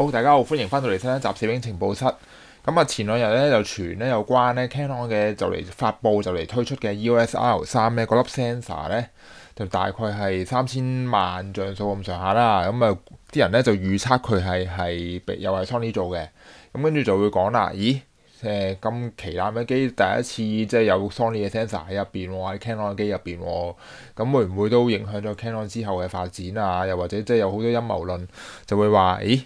好，大家好，歡迎翻到嚟新一集攝影情報室。咁啊，前兩日咧就傳咧有關咧 Canon 嘅就嚟發布就嚟推出嘅 EOS R3 咩嗰粒 sensor 咧，就大概係三千萬像素咁上下啦。咁啊，啲人咧就預測佢係係又係 Sony 做嘅。咁跟住就會講啦，咦？誒、呃，今期哪咩機第一次即係有 Sony 嘅 sensor 喺入邊喎？喺 Canon 嘅機入邊喎？咁、哦、會唔會都影響咗 Canon 之後嘅發展啊？又或者即係有好多陰謀論就會話，咦？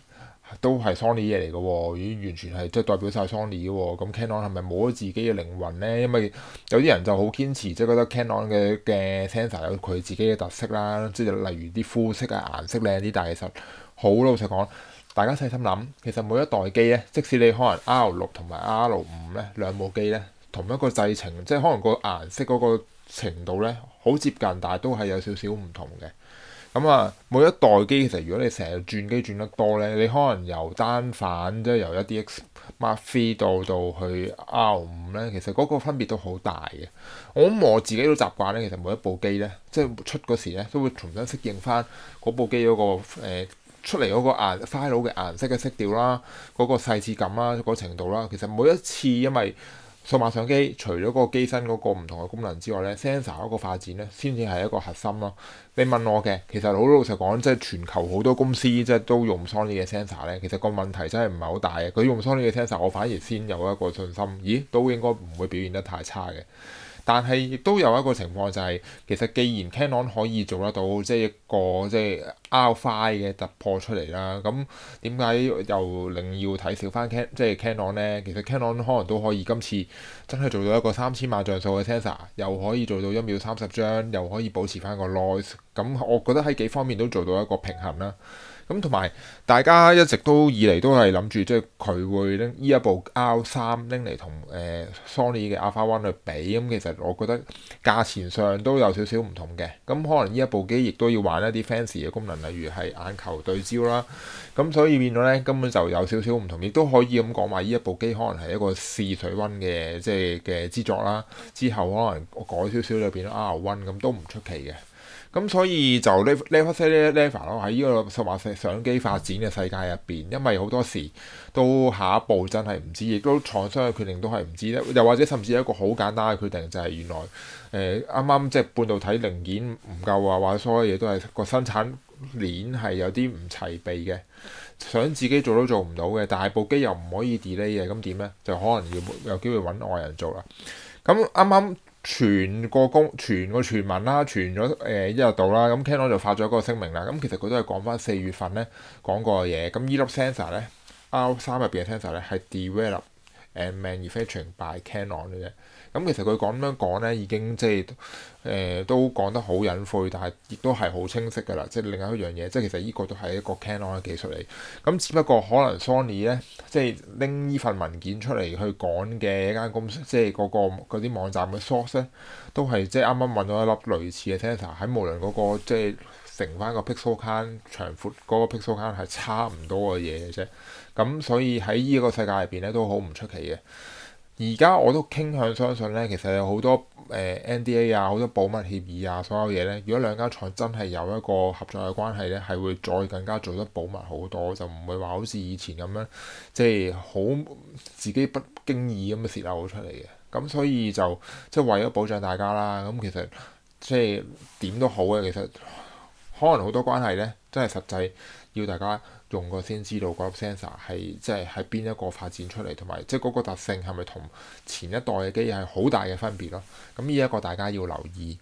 都係 Sony 嘢嚟嘅喎，已經完全係即係代表晒 Sony 嘅喎、哦。咁 Canon 係咪冇咗自己嘅靈魂呢？因為有啲人就好堅持，即係覺得 Canon 嘅嘅 sensor 有佢自己嘅特色啦。即係例如啲膚色啊、顏色靚啲，但係其實好老實講，大家細心諗，其實每一代機呢，即使你可能 R 六同埋 R 五呢兩部機呢，同一個製程，即係可能個顏色嗰個程度呢，好接近，但係都係有少少唔同嘅。咁啊，每一代機其實如果你成日轉機轉得多咧，你可能由單反即係由 1DX Mark III 到到去 R 五咧，其實嗰個分別都好大嘅。我諗我自己都習慣咧，其實每一部機咧，即係出嗰時咧，都會重新適應翻嗰部機嗰、那個、呃、出嚟嗰個顏 file 嘅顏色嘅色調啦，嗰、那個細緻感啦，嗰、那個、程度啦，其實每一次因為數碼相機除咗嗰個機身嗰個唔同嘅功能之外咧，Sensor 嗰個發展咧，先至係一個核心咯。你問我嘅，其實好老實講，即係全球好多公司即係都用 Sony 嘅 Sensor 咧，其實個問題真係唔係好大嘅。佢用 Sony 嘅 Sensor，我反而先有一個信心，咦，都應該唔會表現得太差嘅。但係亦都有一個情況就係、是，其實既然 Canon 可以做得到，即係一個即係 R5 嘅突破出嚟啦，咁點解又另要睇少翻 Canon？即係 Canon 呢，其實 Canon 可能都可以今次真係做到一個三千萬像素嘅 sensor，又可以做到一秒三十張，又可以保持翻個 noise，咁我覺得喺幾方面都做到一個平衡啦。咁同埋大家一直都以嚟都係諗住，即係佢會拎呢一部 R 三拎嚟同誒 Sony 嘅 Alpha One 去比。咁、嗯、其實我覺得價錢上都有少少唔同嘅。咁、嗯、可能呢一部機亦都要玩一啲 fancy 嘅功能，例如係眼球對焦啦。咁、嗯、所以變咗咧根本就有少少唔同，亦都可以咁講，話呢一部機可能係一個試水溫嘅即係嘅之作啦。之後可能改少少就變咗 R One 咁、嗯、都唔出奇嘅。咁所以就 level level 咯。喺呢個實話攝相機發展嘅世界入邊，因為好多時都下一步真係唔知，亦都廠商嘅決定都係唔知咧。又或者甚至一個好簡單嘅決定，就係原來誒啱啱即係半導體零件唔夠啊，或者所有嘢都係個生產鏈係有啲唔齊備嘅，想自己做都做唔到嘅。但係部機又唔可以 delay 嘅，咁點咧？就可能要有機會揾外人做啦。咁啱啱。傳個公傳個傳聞啦，傳咗誒一日到啦，咁 Canon 就發咗一個聲明啦。咁其實佢都係講翻四月份咧，講過嘅嘢。咁依粒 sensor 咧 R3 入面嘅 sensor 咧係 develop。誒 manufacturing by Canon 嘅啫，咁、嗯、其實佢講咁樣講咧，已經即係誒都講得好隱晦，但係亦都係好清晰嘅啦。即係另外一樣嘢，即係其實呢個都係一個 Canon 嘅技術嚟。咁、嗯、只不過可能 Sony 咧，即係拎呢份文件出嚟去講嘅一間公司，即係嗰、嗰個嗰啲網站嘅 source 咧，都係即係啱啱揾到一粒類似嘅 sensor 喺，無論嗰、嗰個即係。定翻個 pixel can 長闊嗰個 pixel can 係差唔多嘅嘢嘅啫，咁所以喺呢個世界入邊咧都好唔出奇嘅。而家我都傾向相信咧，其實有好多誒、呃、NDA 啊，好多保密協議啊，所有嘢咧，如果兩間廠真係有一個合作嘅關係咧，係會再更加做得保密好多，就唔會話好似以前咁樣，即係好自己不經意咁樣泄漏咗出嚟嘅。咁所以就即係、就是、為咗保障大家啦，咁其實即係點都好嘅，其實。可能好多關係咧，真係實際要大家用過先知道個 sensor 係即係喺邊一個發展出嚟，同埋即係嗰個特性係咪同前一代嘅機係好大嘅分別咯？咁呢一個大家要留意。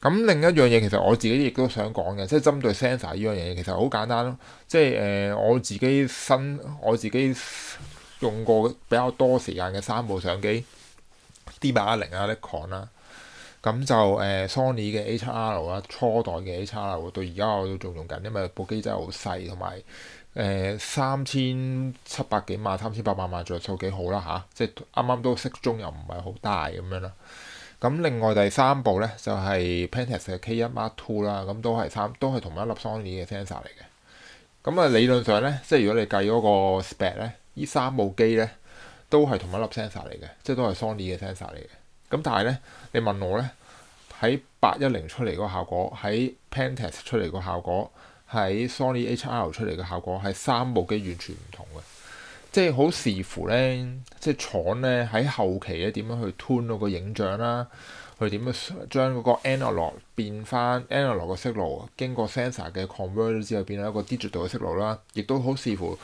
咁另一樣嘢其實我自己亦都想講嘅，即係針對 sensor 呢樣嘢，其實好簡單咯。即係誒、呃，我自己新我自己用過比較多時間嘅三部相機，D 810啊 Nikon、啊、啦。咁就誒、呃、Sony 嘅 A7R 啦，初代嘅 A7R 到而家我都仲用緊，因為部機真係、呃、好細，同埋誒三千七百幾萬三千八百萬像素幾好啦吓，即係啱啱都適中又唔係好大咁樣啦。咁、啊、另外第三部咧就係、是、Pentax 嘅 K1 Mark II 啦、啊，咁都係三都係同一粒 Sony 嘅 sensor 嚟嘅。咁啊理論上咧，即係如果你計嗰個 spec 咧，依三部機咧都係同一粒 sensor 嚟嘅，即係都係 Sony 嘅 sensor 嚟嘅。咁但係咧，你問我咧，喺八一零出嚟個效果，喺 Panasonic 出嚟個效果，喺 Sony HDR 出嚟嘅效果係三部機完全唔同嘅，即係好視乎咧，即係廠咧喺後期咧點樣去 tune 嗰個影像啦，去點樣將嗰個 analog 變翻 analog 嘅色路，經過 sensor 嘅 converter 之後變咗一個 digital 嘅色路啦，亦都好視乎。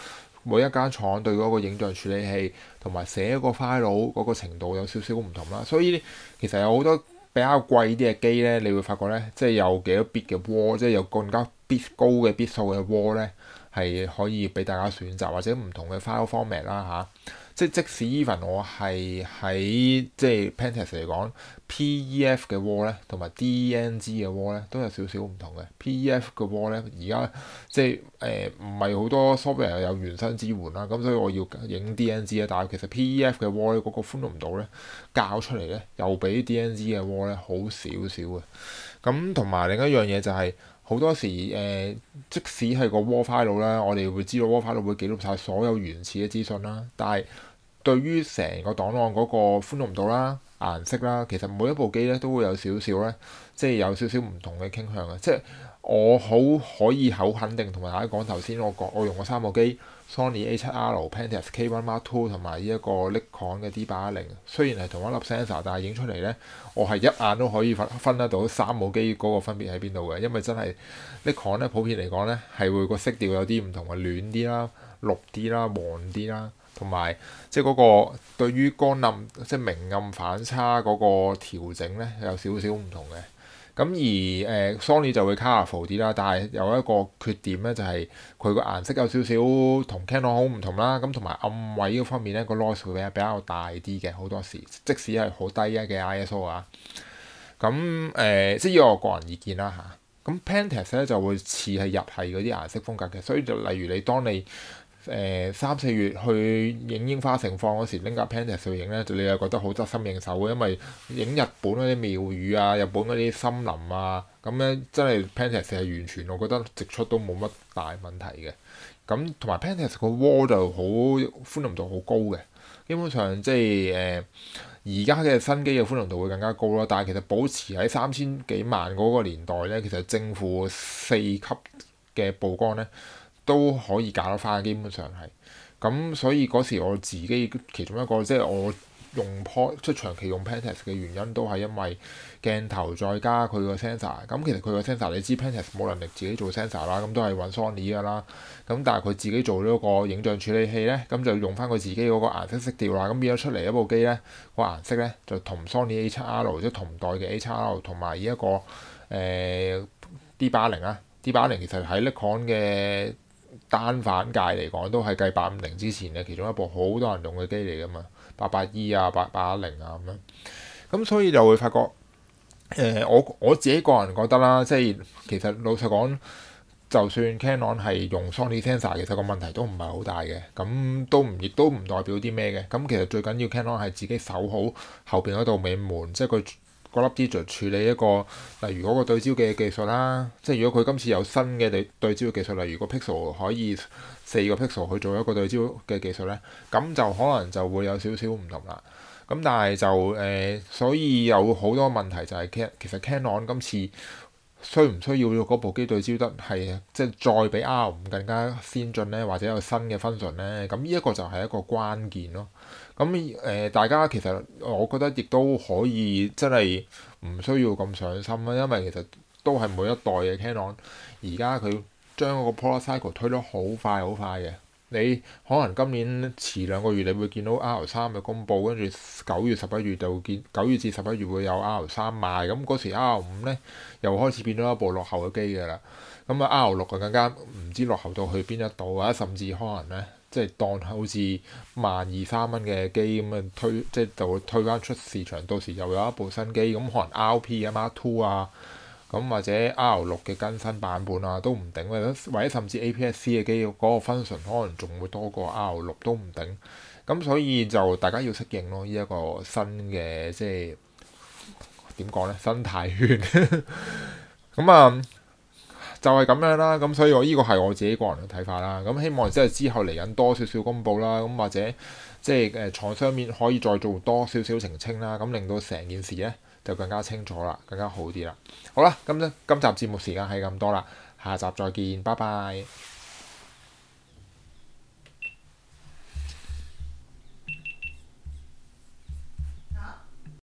每一間廠對嗰個影像處理器同埋寫嗰 file 嗰個程度有少少唔同啦，所以其實有好多比較貴啲嘅機呢，你會發覺呢，即係有幾多 bit 嘅 wall 即係有更加 bit 高嘅 bit 數嘅 wall 呢，係可以俾大家選擇，或者唔同嘅 file format 啦嚇。啊即即使 even 我係喺即係 Pentax 嚟講，PEF 嘅 RAW 咧同埋 DNG 嘅 RAW 咧都有少少唔同嘅。PEF 嘅 RAW 咧而家即係誒唔係好多 software 有原生支援啦，咁所以我要影 DNG 咧。但係其實 PEF 嘅 RAW 咧嗰個寬容度唔到咧較出嚟咧又比 DNG 嘅 RAW 咧好少少嘅。咁同埋另一樣嘢就係、是。好多時誒、呃，即使係個 w a r d file 啦，我哋會知道 w a r d file 會記錄晒所有原始嘅資訊啦。但係對於成個檔案嗰個寬容度啦、顏色啦，其實每一部機咧都會有少少咧，即係有少少唔同嘅傾向嘅。即係我好可以好肯定同埋大家講頭先，我講我用過三部機。Sony A 七 R、Pentax K 一 Mark Two 同埋呢一個 Nikon 嘅 D 八一零，雖然係同一粒 sensor，但係影出嚟咧，我係一眼都可以分分得到三部機嗰個分別喺邊度嘅。因為真係 Nikon 咧，普遍嚟講咧係會個色調有啲唔同啊，暖啲啦、綠啲啦、黃啲啦，同埋即係嗰個對於光暗，即係、就是、明暗反差嗰個調整咧有少少唔同嘅。咁、嗯、而誒、呃、Sony 就會 colorful 啲啦，但係有一個缺點咧，就係佢個顏色有少少同 Canon 好唔同啦。咁同埋暗位嗰方面咧，個 loss 會比比較大啲嘅，好多時即使係好低一嘅 ISO 啊。咁、嗯、誒、呃，即以我個人意見啦嚇。咁、啊、Pentax 咧就會似係入係嗰啲顏色風格嘅，所以就例如你當你誒、呃、三四月去影櫻花盛放嗰時拎架 Pentax 去影咧，就你又覺得好得心應手嘅，因為影日本嗰啲廟宇啊、日本嗰啲森林啊，咁、嗯、咧真係 Pentax 係完全我覺得直出都冇乜大問題嘅。咁同埋 Pentax 個蝸就好寬容度好高嘅，基本上即係誒而家嘅新機嘅寬容度會更加高啦。但係其實保持喺三千幾萬嗰個年代咧，其實正負四級嘅曝光咧。都可以搞得翻，基本上係。咁所以嗰時我自己其中一個，即係我用 po 出長期用 Pentax 嘅原因，都係因為鏡頭再加佢個 sensor。咁其實佢個 sensor 你知 Pentax 冇能力自己做 sensor 啦，咁都係揾 Sony 噶啦。咁但係佢自己做咗個影像處理器呢，咁就用翻佢自己嗰個顏色色調啦。咁變咗出嚟一部機呢個顏色呢，就同 Sony A7R 即係同代嘅 A7R 同埋呢一個誒、呃、D80 啊，D80 其實喺 Nikon 嘅。單反界嚟講，都係計八五零之前嘅其中一部好多人用嘅機嚟㗎嘛，八八二啊，八八一零啊咁樣，咁所以就會發覺，誒、呃、我我自己個人覺得啦，即係其實老實講，就算 Canon 係用 Sony Sensor，其實個問題都唔係好大嘅，咁都唔亦都唔代表啲咩嘅，咁其實最緊要 Canon 係自己守好後邊嗰道尾門，即係佢。個粒 digital 處理一個，例如嗰個對焦嘅技術啦，即係如果佢今次有新嘅對對焦嘅技術，例如個 pixel 可以四個 pixel 去做一個對焦嘅技術咧，咁就可能就會有少少唔同啦。咁但係就誒、呃，所以有好多問題就係 can 其實 Canon 今次需唔需要嗰部機對焦得係即係再比 R 五更加先進咧，或者有新嘅 function 咧？咁呢一個，呢呢呢個就係一個關鍵咯。咁誒、呃，大家其實我覺得亦都可以真係唔需要咁上心啦，因為其實都係每一代嘅 Canon。而家佢將嗰個 product cycle 推得好快好快嘅，你可能今年遲兩個月你會見到 R 三嘅公佈，跟住九月十一月就會見九月至十一月會有 R 三賣，咁嗰時 R 五呢，又開始變咗一部落後嘅機㗎啦。咁啊 R 六就更加唔知落後到去邊一度啊，甚至可能呢。即係當好似萬二三蚊嘅機咁啊，推即係就會推翻出市場，到時又有一部新機咁，可能 R.P. 啊，Mark Two 啊，咁或者 R 六嘅更新版本啊，都唔定，或者甚至 A.P.S.C. 嘅機，嗰個 function 可能仲會多過 R 六都唔定。咁所以就大家要適應咯，呢一個新嘅即係點講呢？生態圈咁啊～就係咁樣啦，咁所以我呢個係我自己個人嘅睇法啦。咁希望即係之後嚟緊多少少公佈啦，咁或者即係誒廠商面可以再做多少少澄清啦，咁令到成件事咧就更加清楚啦，更加好啲啦。好啦，咁咧今集節目時間係咁多啦，下集再見，拜拜。